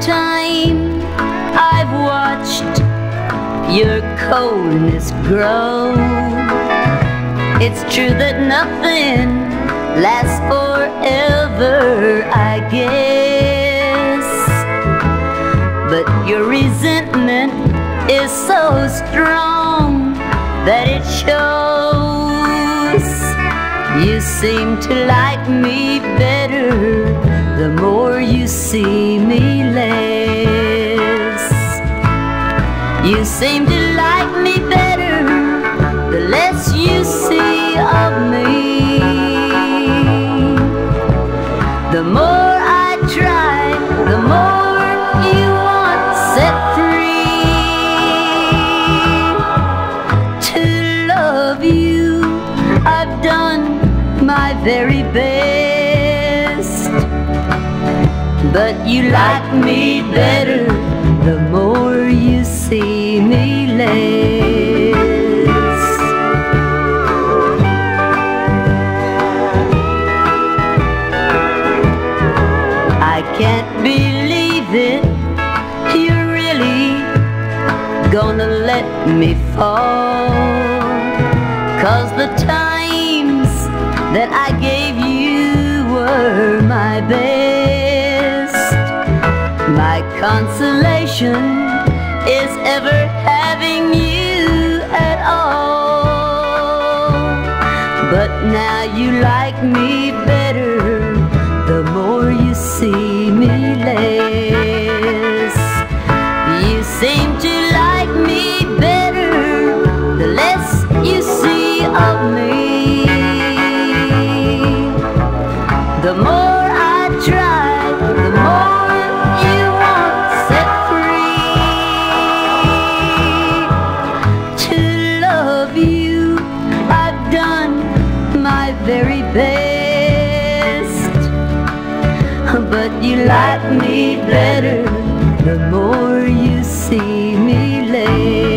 time I've watched your coldness grow. It's true that nothing lasts forever, I guess. But your resentment is so strong that it shows. You seem to like me better the more you see me less. seem to like me better the less you see of me. The more I try, the more you want set free. To love you, I've done my very best, but you like me better the more you see. I can't believe it. You're really gonna let me fall. Cause the times that I gave you were my best. My consolation is ever. Now you like me better the more you see me less. You seem to like me better the less you see of me. The more I try, the more you want set free. To love you, I've done my very best But you like me better the more you see me late